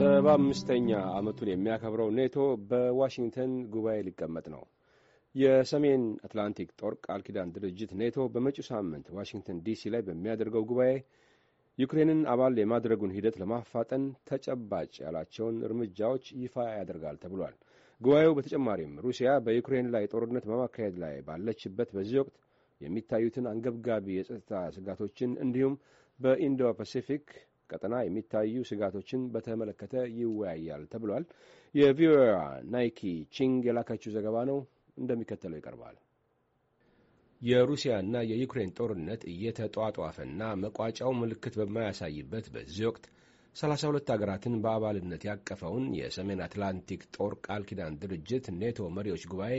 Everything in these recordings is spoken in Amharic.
ሰባ አምስተኛ ዓመቱን የሚያከብረው ኔቶ በዋሽንግተን ጉባኤ ሊቀመጥ ነው። የሰሜን አትላንቲክ ጦር ቃል ኪዳን ድርጅት ኔቶ በመጪው ሳምንት ዋሽንግተን ዲሲ ላይ በሚያደርገው ጉባኤ ዩክሬንን አባል የማድረጉን ሂደት ለማፋጠን ተጨባጭ ያላቸውን እርምጃዎች ይፋ ያደርጋል ተብሏል። ጉባኤው በተጨማሪም ሩሲያ በዩክሬን ላይ ጦርነት በማካሄድ ላይ ባለችበት በዚህ ወቅት የሚታዩትን አንገብጋቢ የጸጥታ ስጋቶችን እንዲሁም በኢንዶ ፓሲፊክ ቀጠና የሚታዩ ስጋቶችን በተመለከተ ይወያያል ተብሏል። የቪኦኤዋ ናይኪ ቺንግ የላከችው ዘገባ ነው፣ እንደሚከተለው ይቀርባል። የሩሲያና የዩክሬን ጦርነት እየተጧጧፈና መቋጫው ምልክት በማያሳይበት በዚህ ወቅት 32 አገራትን በአባልነት ያቀፈውን የሰሜን አትላንቲክ ጦር ቃል ኪዳን ድርጅት ኔቶ መሪዎች ጉባኤ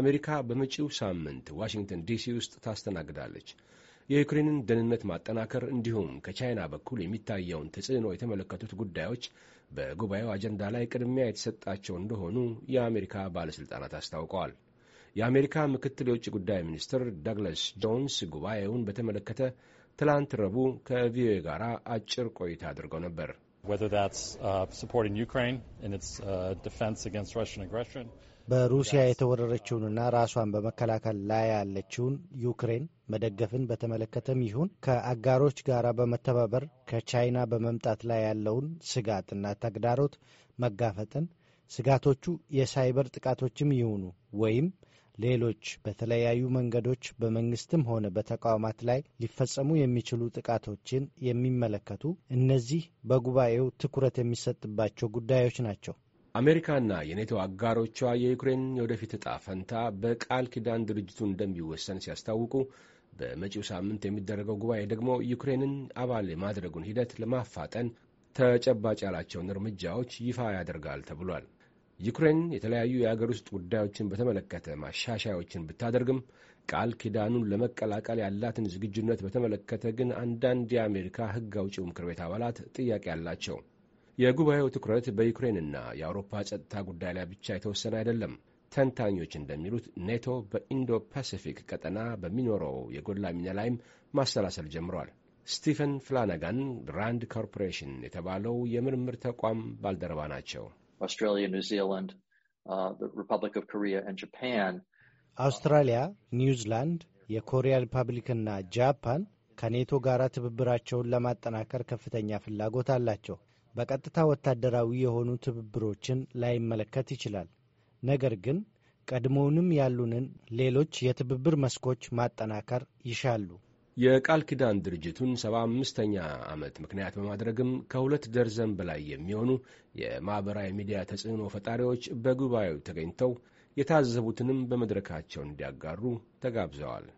አሜሪካ በመጪው ሳምንት ዋሽንግተን ዲሲ ውስጥ ታስተናግዳለች። የዩክሬንን ደህንነት ማጠናከር እንዲሁም ከቻይና በኩል የሚታየውን ተጽዕኖ የተመለከቱት ጉዳዮች በጉባኤው አጀንዳ ላይ ቅድሚያ የተሰጣቸው እንደሆኑ የአሜሪካ ባለሥልጣናት አስታውቀዋል። የአሜሪካ ምክትል የውጭ ጉዳይ ሚኒስትር ዳግለስ ጆንስ ጉባኤውን በተመለከተ ትላንት ረቡዕ ከቪኦኤ ጋር አጭር ቆይታ አድርገው ነበር። Uh, uh, በሩሲያ የተወረረችውንና ራሷን በመከላከል ላይ ያለችውን ዩክሬን መደገፍን በተመለከተም ይሁን ከአጋሮች ጋር በመተባበር ከቻይና በመምጣት ላይ ያለውን ስጋትና ተግዳሮት መጋፈጥን ስጋቶቹ የሳይበር ጥቃቶችም ይሁኑ ወይም ሌሎች በተለያዩ መንገዶች በመንግስትም ሆነ በተቋማት ላይ ሊፈጸሙ የሚችሉ ጥቃቶችን የሚመለከቱ እነዚህ በጉባኤው ትኩረት የሚሰጥባቸው ጉዳዮች ናቸው። አሜሪካና የኔቶ አጋሮቿ የዩክሬን የወደፊት ዕጣ ፈንታ በቃል ኪዳን ድርጅቱ እንደሚወሰን ሲያስታውቁ በመጪው ሳምንት የሚደረገው ጉባኤ ደግሞ ዩክሬንን አባል የማድረጉን ሂደት ለማፋጠን ተጨባጭ ያላቸውን እርምጃዎች ይፋ ያደርጋል ተብሏል። ዩክሬን የተለያዩ የአገር ውስጥ ጉዳዮችን በተመለከተ ማሻሻያዎችን ብታደርግም ቃል ኪዳኑን ለመቀላቀል ያላትን ዝግጁነት በተመለከተ ግን አንዳንድ የአሜሪካ ሕግ አውጪው ምክር ቤት አባላት ጥያቄ አላቸው። የጉባኤው ትኩረት በዩክሬንና የአውሮፓ ጸጥታ ጉዳይ ላይ ብቻ የተወሰነ አይደለም። ተንታኞች እንደሚሉት ኔቶ በኢንዶ ፓሲፊክ ቀጠና በሚኖረው የጎላ ሚና ላይም ማሰላሰል ጀምሯል። ስቲፈን ፍላነጋን ራንድ ኮርፖሬሽን የተባለው የምርምር ተቋም ባልደረባ ናቸው። Australia, New Zealand, uh, the Republic of Korea and Japan. አውስትራሊያ፣ ኒውዚላንድ፣ የኮሪያ ሪፐብሊክና ጃፓን ከኔቶ ጋር ትብብራቸውን ለማጠናከር ከፍተኛ ፍላጎት አላቸው። በቀጥታ ወታደራዊ የሆኑ ትብብሮችን ላይመለከት ይችላል። ነገር ግን ቀድሞውንም ያሉንን ሌሎች የትብብር መስኮች ማጠናከር ይሻሉ። የቃል ኪዳን ድርጅቱን ሰባ አምስተኛ ዓመት ምክንያት በማድረግም ከሁለት ደርዘን በላይ የሚሆኑ የማኅበራዊ ሚዲያ ተጽዕኖ ፈጣሪዎች በጉባኤው ተገኝተው የታዘቡትንም በመድረካቸው እንዲያጋሩ ተጋብዘዋል።